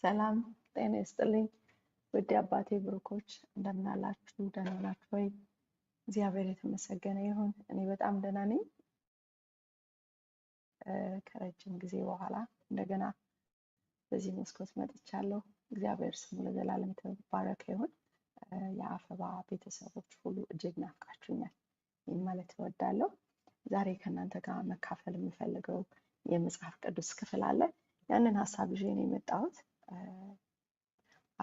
ሰላም ጤና ይስጥልኝ ውድ አባቴ ብሩኮች እንደምን አላችሁ? ደህና ናችሁ ወይ? እግዚአብሔር የተመሰገነ ይሁን። እኔ በጣም ደህና ነኝ። ከረጅም ጊዜ በኋላ እንደገና በዚህ መስኮት መጥቻለሁ። እግዚአብሔር ስሙ ለዘላለም የተባረከ ይሁን። የአፈባ ቤተሰቦች ሁሉ እጅግ ናፍቃችሁኛል። ይህን ማለት እወዳለሁ። ዛሬ ከእናንተ ጋር መካፈል የምፈልገው የመጽሐፍ ቅዱስ ክፍል አለ። ያንን ሀሳብ ይዤ ነው የመጣሁት።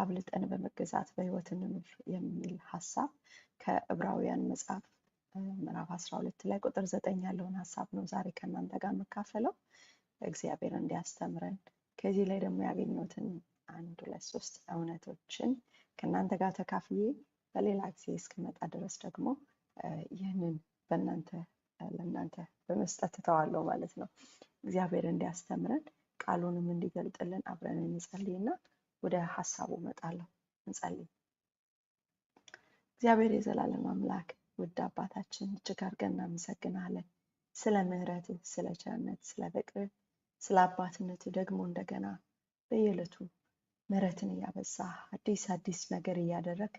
አብልጠን በመገዛት በህይወት እንኑር የሚል ሀሳብ ከዕብራውያን መጽሐፍ ምዕራፍ 12 ላይ ቁጥር ዘጠኝ ያለውን ሀሳብ ነው ዛሬ ከእናንተ ጋር የምካፈለው። እግዚአብሔር እንዲያስተምረን ከዚህ ላይ ደግሞ ያገኘሁትን አንድ ሁለት ሶስት እውነቶችን ከእናንተ ጋር ተካፍዬ በሌላ ጊዜ እስክመጣ ድረስ ደግሞ ይህንን በእናንተ ለእናንተ በመስጠት ትተዋለሁ ማለት ነው። እግዚአብሔር እንዲያስተምረን ቃሉንም እንዲገልጥልን አብረን እና ወደ ሀሳቡ መጣለሁ እንጸልይ። እግዚአብሔር የዘላለም አምላክ ውድ አባታችን እጅግ አድርገን እናመሰግናለን ስለ ምሕረትህ፣ ስለ ቸርነት፣ ስለ ፍቅርህ፣ ስለ አባትነት ደግሞ እንደገና በየዕለቱ ምሕረትን እያበዛ አዲስ አዲስ ነገር እያደረግ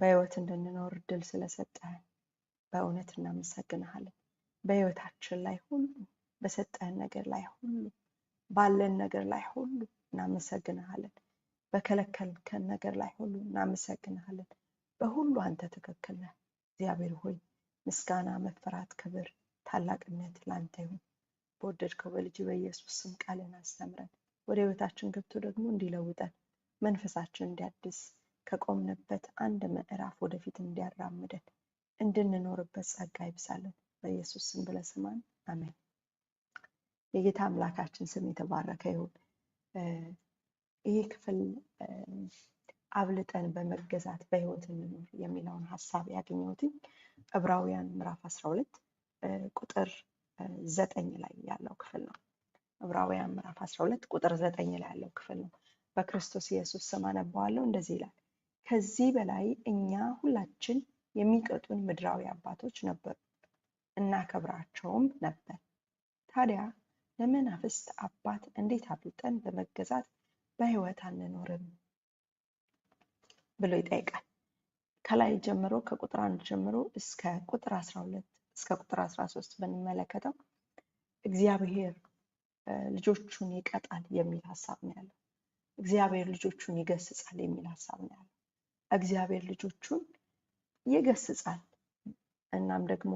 በህይወት እንድንኖር እድል ስለሰጠህን በእውነት እናመሰግንሃለን። በህይወታችን ላይ ሁሉ በሰጠህን ነገር ላይ ሁሉ ባለን ነገር ላይ ሁሉ እናመሰግንሃለን። በከለከልከን ነገር ላይ ሁሉ እናመሰግንሃለን። በሁሉ አንተ ትክክል ነህ። እግዚአብሔር ሆይ ምስጋና፣ መፈራት፣ ክብር፣ ታላቅነት ለአንተ ይሁን። በወደድከው በልጅ በኢየሱስ ስም ቃልን አስተምረን ወደ ህይወታችን ገብቶ ደግሞ እንዲለውጠን መንፈሳችን እንዲያድስ ከቆምንበት አንድ ምዕራፍ ወደፊት እንዲያራምደን እንድንኖርበት ጸጋ ይብዛለን። በኢየሱስ ስም ብለህ ስማን። አሜን። የጌታ አምላካችን ስም የተባረከ ይሁን። ይህ ክፍል አብልጠን በመገዛት በህይወት እንኖር የሚለውን ሀሳብ ያገኘውት ዕብራውያን ምዕራፍ 12 ቁጥር ዘጠኝ ላይ ያለው ክፍል ነው። ዕብራውያን ምዕራፍ 12 ቁጥር ዘጠኝ ላይ ያለው ክፍል ነው። በክርስቶስ ኢየሱስ ስም አነበዋለሁ። እንደዚህ ይላል፣ ከዚህ በላይ እኛ ሁላችን የሚቀጡን ምድራዊ አባቶች ነበሩ፣ እናከብራቸውም ነበር። ታዲያ ለመናፍስት አባት እንዴት አብልጠን በመገዛት በህይወት አንኖርም ብሎ ይጠይቃል። ከላይ ጀምሮ ከቁጥር አንድ ጀምሮ እስከ ቁጥር 12 እስከ ቁጥር 13 ብንመለከተው እግዚአብሔር ልጆቹን ይቀጣል የሚል ሀሳብ ነው ያለው። እግዚአብሔር ልጆቹን ይገስጻል የሚል ሀሳብ ነው ያለው። እግዚአብሔር ልጆቹን ይገስጻል እናም ደግሞ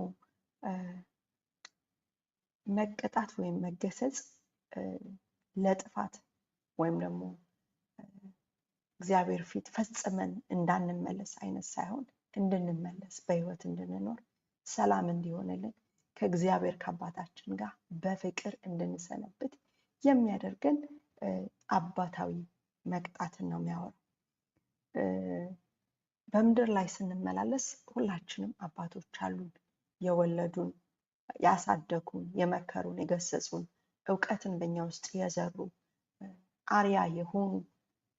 መቀጣት ወይም መገሰጽ ለጥፋት ወይም ደግሞ እግዚአብሔር ፊት ፈጽመን እንዳንመለስ አይነት ሳይሆን እንድንመለስ በህይወት እንድንኖር ሰላም እንዲሆንልን ከእግዚአብሔር ከአባታችን ጋር በፍቅር እንድንሰነብት የሚያደርገን አባታዊ መቅጣትን ነው የሚያወራው። በምድር ላይ ስንመላለስ ሁላችንም አባቶች አሉን፣ የወለዱን፣ ያሳደጉን፣ የመከሩን፣ የገሰጹን፣ እውቀትን በእኛ ውስጥ የዘሩ አሪያ የሆኑ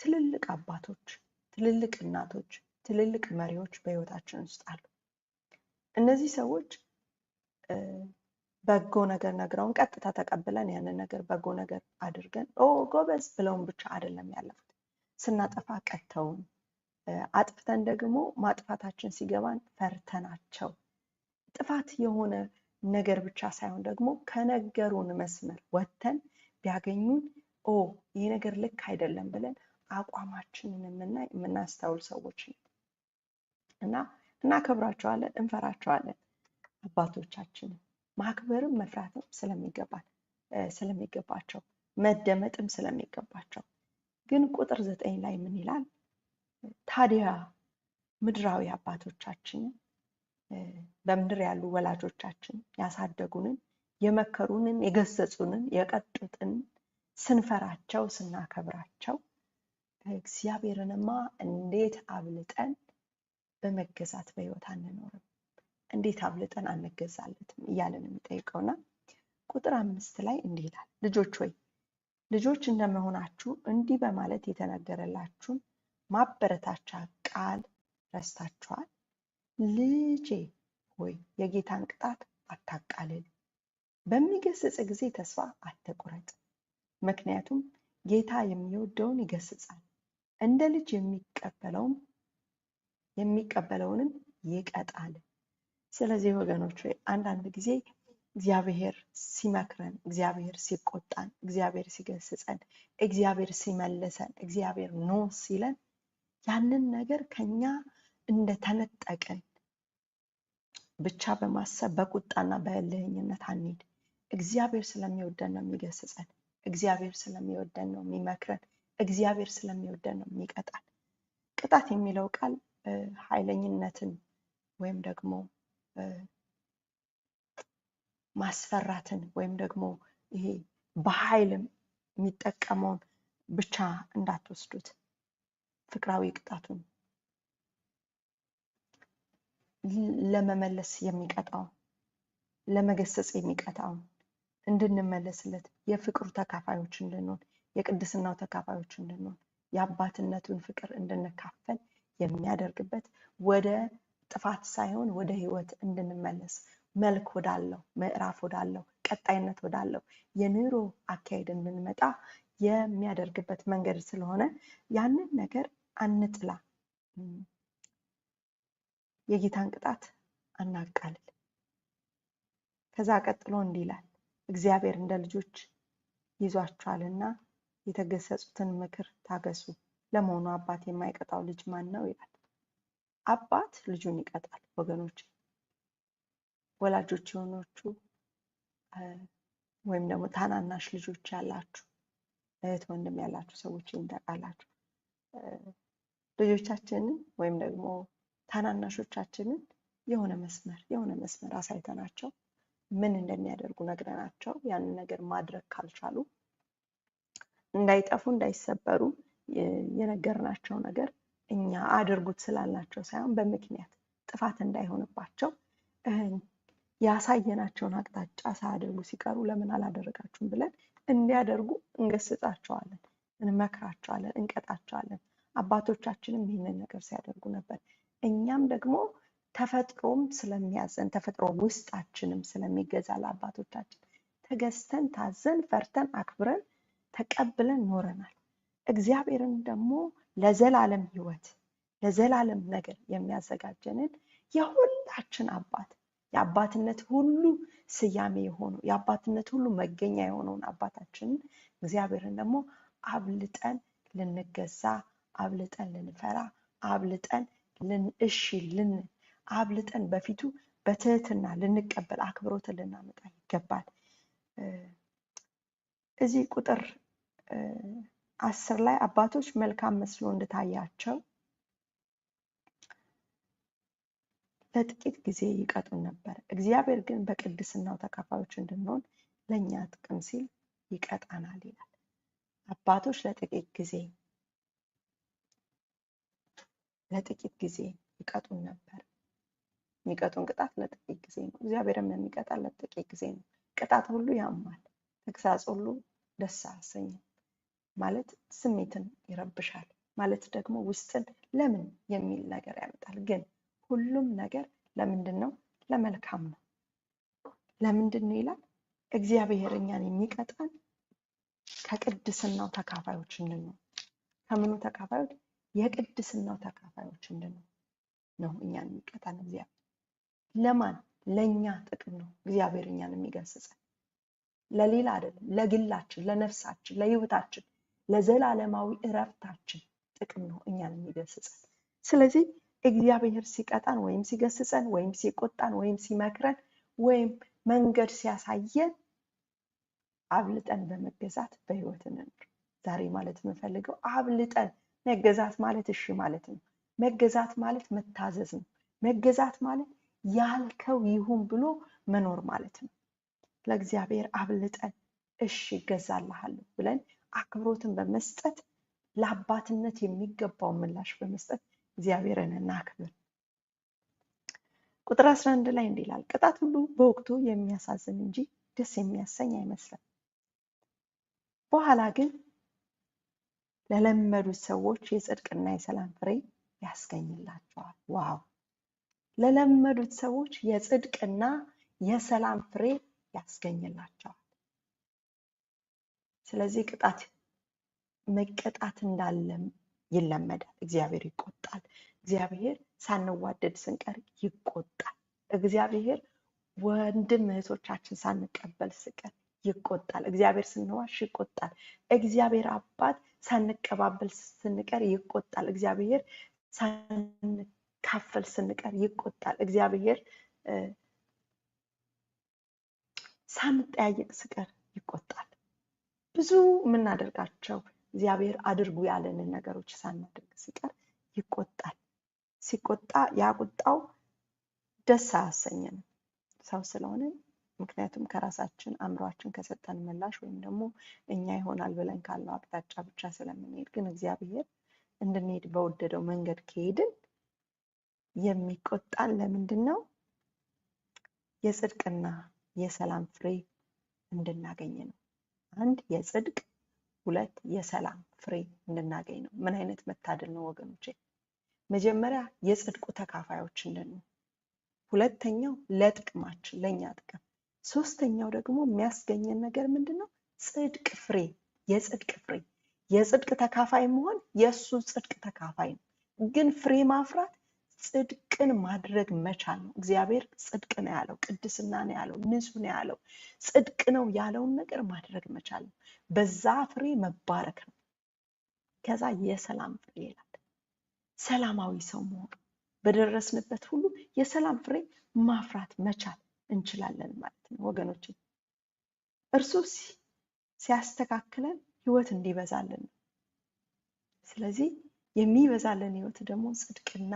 ትልልቅ አባቶች፣ ትልልቅ እናቶች፣ ትልልቅ መሪዎች በህይወታችን ውስጥ አሉ። እነዚህ ሰዎች በጎ ነገር ነግረውን ቀጥታ ተቀብለን ያንን ነገር በጎ ነገር አድርገን ኦ ጎበዝ ብለውን ብቻ አይደለም ያለፉት። ስናጠፋ ቀጥተውን፣ አጥፍተን ደግሞ ማጥፋታችን ሲገባን ፈርተናቸው ጥፋት የሆነ ነገር ብቻ ሳይሆን ደግሞ ከነገሩን መስመር ወጥተን ቢያገኙን ኦ ይሄ ነገር ልክ አይደለም ብለን አቋማችንን የምናይ የምናስተውል ሰዎች ነው እና እናከብራቸዋለን፣ እንፈራቸዋለን አባቶቻችንን ማክበርም መፍራትም ስለሚገባል ስለሚገባቸው መደመጥም ስለሚገባቸው ግን ቁጥር ዘጠኝ ላይ ምን ይላል? ታዲያ ምድራዊ አባቶቻችንን በምድር ያሉ ወላጆቻችን ያሳደጉንን፣ የመከሩንን፣ የገሰጹንን፣ የቀጡትን ስንፈራቸው ስናከብራቸው እግዚአብሔርንማ እንዴት አብልጠን በመገዛት በሕይወት አንኖርም? እንዴት አብልጠን አንገዛለትም? እያለን የሚጠይቀውና ቁጥር አምስት ላይ እንዲህ ይላል፣ ልጆች ሆይ ልጆች እንደመሆናችሁ እንዲህ በማለት የተነገረላችሁን ማበረታቻ ቃል ረስታችኋል ልጄ ሆይ የጌታን ቅጣት አታቃልል፣ በሚገስጽ ጊዜ ተስፋ አትቁረጥ። ምክንያቱም ጌታ የሚወደውን ይገስጻል፣ እንደ ልጅ የሚቀበለውም የሚቀበለውንም ይቀጣል። ስለዚህ ወገኖች ሆይ አንዳንድ ጊዜ እግዚአብሔር ሲመክረን፣ እግዚአብሔር ሲቆጣን፣ እግዚአብሔር ሲገስጸን፣ እግዚአብሔር ሲመልሰን፣ እግዚአብሔር ኖ ሲለን ያንን ነገር ከኛ እንደተነጠቅን ብቻ በማሰብ በቁጣና በእልህኝነት አንሄድ እግዚአብሔር ስለሚወደን ነው የሚገስጸን። እግዚአብሔር ስለሚወደን ነው የሚመክረን። እግዚአብሔር ስለሚወደን ነው የሚቀጣል ቅጣት የሚለው ቃል ኃይለኝነትን ወይም ደግሞ ማስፈራትን ወይም ደግሞ ይሄ በኃይል የሚጠቀመውን ብቻ እንዳትወስዱት፣ ፍቅራዊ ቅጣቱን ለመመለስ የሚቀጣውን ለመገሰጽ የሚቀጣውን እንድንመለስለት የፍቅሩ ተካፋዮች እንድንሆን የቅድስናው ተካፋዮች እንድንሆን የአባትነቱን ፍቅር እንድንካፈል የሚያደርግበት ወደ ጥፋት ሳይሆን ወደ ህይወት እንድንመለስ መልክ ወዳለው ምዕራፍ ወዳለው ቀጣይነት ወዳለው የኑሮ አካሄድ እንድንመጣ የሚያደርግበት መንገድ ስለሆነ ያንን ነገር አንጥላ። የጌታን ቅጣት አናቃልል። ከዛ ቀጥሎ እንዲህ ይላል፣ እግዚአብሔር እንደ ልጆች ይዟችኋልና የተገሰጹትን ምክር ታገሱ። ለመሆኑ አባት የማይቀጣው ልጅ ማን ነው ይላል። አባት ልጁን ይቀጣል። ወገኖች ወላጆች የሆኖቹ ወይም ደግሞ ታናናሽ ልጆች ያላችሁ እህት ወንድም ያላችሁ ሰዎች ይህን ልጆቻችንን ወይም ደግሞ ታናናሾቻችንን የሆነ መስመር የሆነ መስመር አሳይተናቸው ምን እንደሚያደርጉ ነግረናቸው ያንን ነገር ማድረግ ካልቻሉ እንዳይጠፉ እንዳይሰበሩ የነገርናቸው ነገር እኛ አድርጉት ስላልናቸው ሳይሆን በምክንያት ጥፋት እንዳይሆንባቸው ያሳየናቸውን አቅጣጫ ሳያደርጉ ሲቀሩ ለምን አላደረጋችሁም ብለን እንዲያደርጉ እንገስጻቸዋለን፣ እንመክራቸዋለን፣ እንቀጣቸዋለን። አባቶቻችንም ይህንን ነገር ሲያደርጉ ነበር። እኛም ደግሞ ተፈጥሮም ስለሚያዘን ተፈጥሮ ውስጣችንም ስለሚገዛ ለአባቶቻችን ተገዝተን ታዘን ፈርተን አክብረን ተቀብለን ኖረናል። እግዚአብሔርን ደግሞ ለዘላለም ሕይወት ለዘላለም ነገር የሚያዘጋጀንን የሁላችን አባት የአባትነት ሁሉ ስያሜ የሆነው የአባትነት ሁሉ መገኛ የሆነውን አባታችንን እግዚአብሔርን ደግሞ አብልጠን ልንገዛ አብልጠን ልንፈራ አብልጠን እሺ ልን አብልጠን በፊቱ በትህትና ልንቀበል አክብሮትን ልናመጣ ይገባል። እዚህ ቁጥር አስር ላይ አባቶች መልካም መስሎ እንድታያቸው ለጥቂት ጊዜ ይቀጡን ነበር፣ እግዚአብሔር ግን በቅድስናው ተካፋዮች እንድንሆን ለእኛ ጥቅም ሲል ይቀጣናል ይላል። አባቶች ለጥቂት ጊዜ ለጥቂት ጊዜ ይቀጡን ነበር። የሚቀጡን ቅጣት ለጥቂት ጊዜ ነው። እግዚአብሔርም የሚቀጣን ለጥቂት ጊዜ ነው። ቅጣት ሁሉ ያማል፣ ተግሳጽ ሁሉ ደስ አያሰኝም። ማለት ስሜትን ይረብሻል። ማለት ደግሞ ውስጥን ለምን የሚል ነገር ያመጣል። ግን ሁሉም ነገር ለምንድን ነው? ለመልካም ነው። ለምንድን ነው ይላል እግዚአብሔር እኛን የሚቀጣን ከቅድስናው ተካፋዮች እንድንሆን ከምኑ ተካፋዮች የቅድስናው ተካፋዮች እንድንሆን ነው እኛን የሚቀጣን እግዚአብሔር። ለማን? ለእኛ ጥቅም ነው እግዚአብሔር እኛን የሚገስጸን፣ ለሌላ አይደለም። ለግላችን፣ ለነፍሳችን፣ ለሕይወታችን፣ ለዘላለማዊ እረፍታችን ጥቅም ነው እኛን የሚገስጸን። ስለዚህ እግዚአብሔር ሲቀጣን ወይም ሲገስጸን ወይም ሲቆጣን ወይም ሲመክረን ወይም መንገድ ሲያሳየን አብልጠን በመገዛት በህይወት እንኖር። ዛሬ ማለት የምፈልገው አብልጠን መገዛት ማለት እሺ ማለት ነው። መገዛት ማለት መታዘዝ ነው። መገዛት ማለት ያልከው ይሁን ብሎ መኖር ማለት ነው። ለእግዚአብሔር አብልጠን እሺ ይገዛልሃለሁ ብለን አክብሮትን በመስጠት ለአባትነት የሚገባውን ምላሽ በመስጠት እግዚአብሔርን እናክብር። ቁጥር 11 ላይ እንዲህ ይላል፣ ቅጣት ሁሉ በወቅቱ የሚያሳዝን እንጂ ደስ የሚያሰኝ አይመስልም። በኋላ ግን ለለመዱት ሰዎች የጽድቅና የሰላም ፍሬ ያስገኝላቸዋል። ዋው! ለለመዱት ሰዎች የጽድቅና የሰላም ፍሬ ያስገኝላቸዋል። ስለዚህ ቅጣት መቀጣት እንዳለም ይለመዳል። እግዚአብሔር ይቆጣል። እግዚአብሔር ሳንዋደድ ስንቀር ይቆጣል። እግዚአብሔር ወንድም እህቶቻችን ሳንቀበል ስቀር ይቆጣል። እግዚአብሔር ስንዋሽ ይቆጣል። እግዚአብሔር አባት ሳንቀባበል ስንቀር ይቆጣል። እግዚአብሔር ሳንካፈል ስንቀር ይቆጣል። እግዚአብሔር ሳንጠያየቅ ስቀር ይቆጣል። ብዙ የምናደርጋቸው እግዚአብሔር አድርጉ ያለንን ነገሮች ሳናደርግ ሲቀር ይቆጣል። ሲቆጣ ያቁጣው ደስ አያሰኘንም ሰው ስለሆነ ምክንያቱም ከራሳችን አእምሯችን ከሰጠን ምላሽ ወይም ደግሞ እኛ ይሆናል ብለን ካለው አቅጣጫ ብቻ ስለምንሄድ፣ ግን እግዚአብሔር እንድንሄድ በወደደው መንገድ ከሄድን የሚቆጣን ለምንድን ነው? የጽድቅና የሰላም ፍሬ እንድናገኝ ነው። አንድ የጽድቅ ሁለት የሰላም ፍሬ እንድናገኝ ነው። ምን አይነት መታደል ነው ወገኖቼ! መጀመሪያ የጽድቁ ተካፋዮች እንድንሆን፣ ሁለተኛው ለጥቅማችን ለእኛ ጥቅም ሶስተኛው ደግሞ የሚያስገኘን ነገር ምንድን ነው? ጽድቅ ፍሬ፣ የጽድቅ ፍሬ፣ የጽድቅ ተካፋይ መሆን የእሱ ጽድቅ ተካፋይ ነው። ግን ፍሬ ማፍራት ጽድቅን ማድረግ መቻል ነው። እግዚአብሔር ጽድቅ ነው ያለው፣ ቅድስና ነው ያለው፣ ንጹህ ነው ያለው፣ ጽድቅ ነው ያለውን ነገር ማድረግ መቻል ነው። በዛ ፍሬ መባረክ ነው። ከዛ የሰላም ፍሬ ይላል። ሰላማዊ ሰው መሆን፣ በደረስንበት ሁሉ የሰላም ፍሬ ማፍራት መቻል እንችላለን ማለት ነው ወገኖች እርሱ ሲያስተካክለን ህይወት እንዲበዛልን ነው። ስለዚህ የሚበዛልን ህይወት ደግሞ ጽድቅና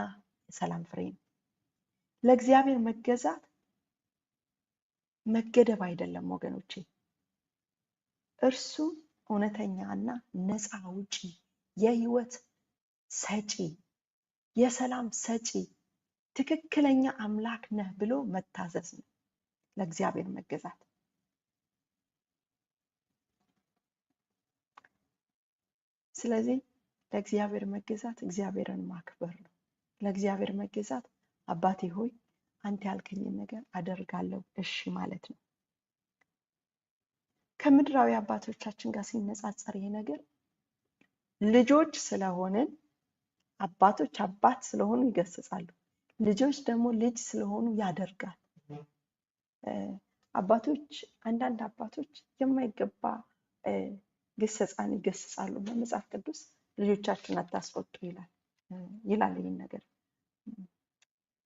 የሰላም ፍሬ ነው። ለእግዚአብሔር መገዛት መገደብ አይደለም ወገኖቼ። እርሱ እውነተኛና ነፃ ውጪ የህይወት ሰጪ፣ የሰላም ሰጪ፣ ትክክለኛ አምላክ ነህ ብሎ መታዘዝ ነው። ለእግዚአብሔር መገዛት ስለዚህ ለእግዚአብሔር መገዛት እግዚአብሔርን ማክበር ነው። ለእግዚአብሔር መገዛት አባቴ ሆይ አንተ ያልከኝን ነገር አደርጋለሁ እሺ ማለት ነው። ከምድራዊ አባቶቻችን ጋር ሲነጻጸር ይሄ ነገር ልጆች ስለሆንን አባቶች አባት ስለሆኑ ይገስጻሉ፣ ልጆች ደግሞ ልጅ ስለሆኑ ያደርጋል። አባቶች አንዳንድ አባቶች የማይገባ ግሰጻን ይገስጻሉ። በመጽሐፍ ቅዱስ ልጆቻችሁን አታስቆጡ ይላል ይላል ይህን ነገር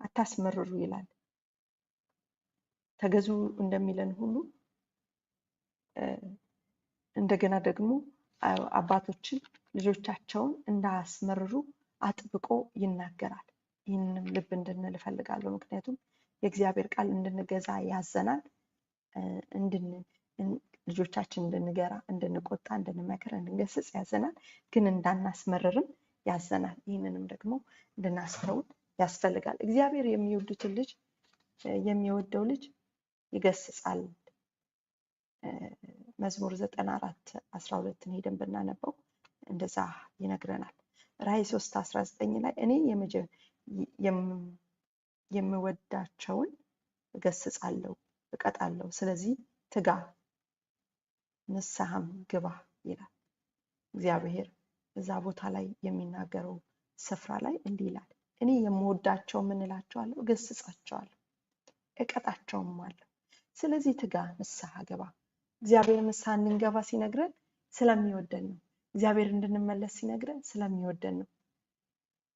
አታስመርሩ ይላል። ተገዙ እንደሚለን ሁሉ እንደገና ደግሞ አባቶችን ልጆቻቸውን እንዳያስመርሩ አጥብቆ ይናገራል። ይህንንም ልብ እንድንል እፈልጋለሁ። ምክንያቱም የእግዚአብሔር ቃል እንድንገዛ ያዘናል። ልጆቻችን እንድንገራ፣ እንድንቆጣ፣ እንድንመክር፣ እንድንገስጽ ያዘናል። ግን እንዳናስመርርም ያዘናል። ይህንንም ደግሞ እንድናስተውል ያስፈልጋል። እግዚአብሔር የሚወዱትን ልጅ የሚወደው ልጅ ይገስጻል። መዝሙር ዘጠና አራት አስራ ሁለትን ሄደን ብናነበው እንደዛ ይነግረናል። ራዕይ ሶስት አስራ ዘጠኝ ላይ እኔ የምወዳቸውን እገስጻለሁ፣ እቀጣለሁ። ስለዚህ ትጋ፣ ንስሐም ግባ ይላል እግዚአብሔር። እዛ ቦታ ላይ የሚናገረው ስፍራ ላይ እንዲህ ይላል፣ እኔ የምወዳቸው ምንላቸዋለሁ፣ እገስጻቸዋለሁ፣ እቀጣቸውም አለሁ። ስለዚህ ትጋ፣ ንስሐ ግባ። እግዚአብሔር ንስሐ እንድንገባ ሲነግረን ስለሚወደን ነው። እግዚአብሔር እንድንመለስ ሲነግረን ስለሚወደን ነው።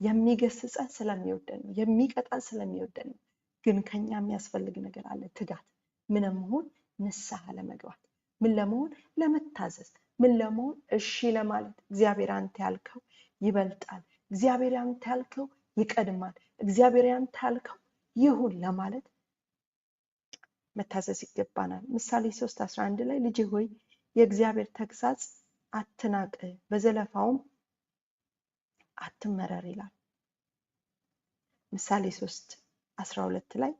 የሚገስጸን ስለሚወደን ነው። የሚቀጣን ስለሚወደን ነው። ግን ከኛ የሚያስፈልግ ነገር አለ፣ ትጋት። ምን መሆን? ንስሐ ለመግባት ምን ለመሆን? ለመታዘዝ ምን ለመሆን? እሺ ለማለት እግዚአብሔር አንተ ያልከው ይበልጣል፣ እግዚአብሔር አንተ ያልከው ይቀድማል፣ እግዚአብሔር አንተ ያልከው ይሁን ለማለት መታዘዝ ይገባናል። ምሳሌ 3 11 ላይ ልጅ ሆይ የእግዚአብሔር ተግሳጽ አትናቅ፣ በዘለፋውም አትመረር ይላል። ምሳሌ 3 12 ላይ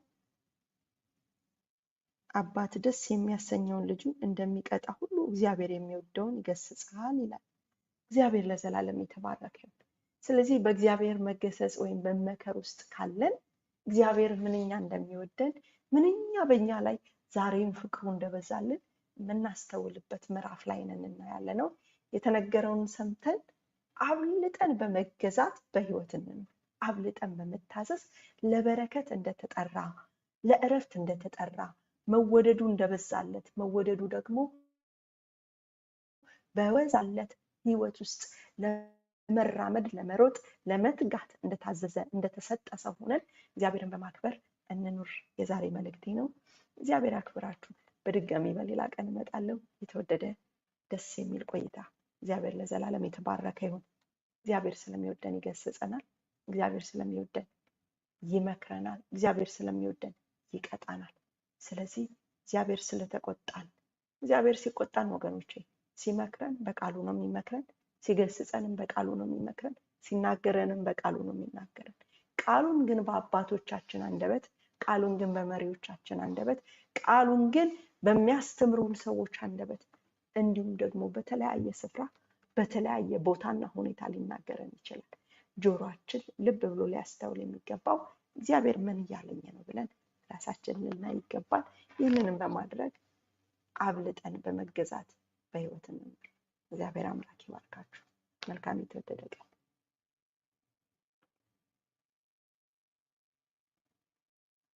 አባት ደስ የሚያሰኘውን ልጁ እንደሚቀጣ ሁሉ እግዚአብሔር የሚወደውን ይገስጻል ይላል። እግዚአብሔር ለዘላለም የተባረከ ስለዚህ በእግዚአብሔር መገሰጽ ወይም በመከር ውስጥ ካለን እግዚአብሔር ምንኛ እንደሚወደን ምንኛ በእኛ ላይ ዛሬም ፍቅሩ እንደበዛልን የምናስተውልበት ምዕራፍ ላይ ነን እና ያለ ነው የተነገረውን ሰምተን አብልጠን በመገዛት በህይወት እንኑር አብልጠን በመታዘዝ ለበረከት እንደተጠራ ለእረፍት እንደተጠራ መወደዱ እንደበዛለት መወደዱ ደግሞ በበዛለት ህይወት ውስጥ ለመራመድ ለመሮጥ ለመትጋት እንደታዘዘ እንደተሰጠ ሰው ሆነን እግዚአብሔርን በማክበር እንኑር። የዛሬ መልእክቴ ነው። እግዚአብሔር ያክብራችሁ። በድጋሚ በሌላ ቀን እመጣለሁ። የተወደደ ደስ የሚል ቆይታ እግዚአብሔር ለዘላለም የተባረከ ይሁን። እግዚአብሔር ስለሚወደን ይገስጸናል። እግዚአብሔር ስለሚወደን ይመክረናል። እግዚአብሔር ስለሚወደን ይቀጣናል። ስለዚህ እግዚአብሔር ስለተቆጣን እግዚአብሔር ሲቆጣን ወገኖቼ ሲመክረን በቃሉ ነው የሚመክረን፣ ሲገስጸንም በቃሉ ነው የሚመክረን፣ ሲናገረንም በቃሉ ነው የሚናገረን። ቃሉን ግን በአባቶቻችን አንደበት፣ ቃሉን ግን በመሪዎቻችን አንደበት፣ ቃሉን ግን በሚያስተምሩን ሰዎች አንደበት እንዲሁም ደግሞ በተለያየ ስፍራ በተለያየ ቦታና ሁኔታ ሊናገረን ይችላል። ጆሮአችን ልብ ብሎ ሊያስተውል የሚገባው እግዚአብሔር ምን እያለኝ ነው ብለን ራሳችንን ልናይ ይገባል። ይህንንም በማድረግ አብልጠን በመገዛት በህይወት እንኖር። እግዚአብሔር አምላክ ይባርካችሁ። መልካም የተወደደ ቀን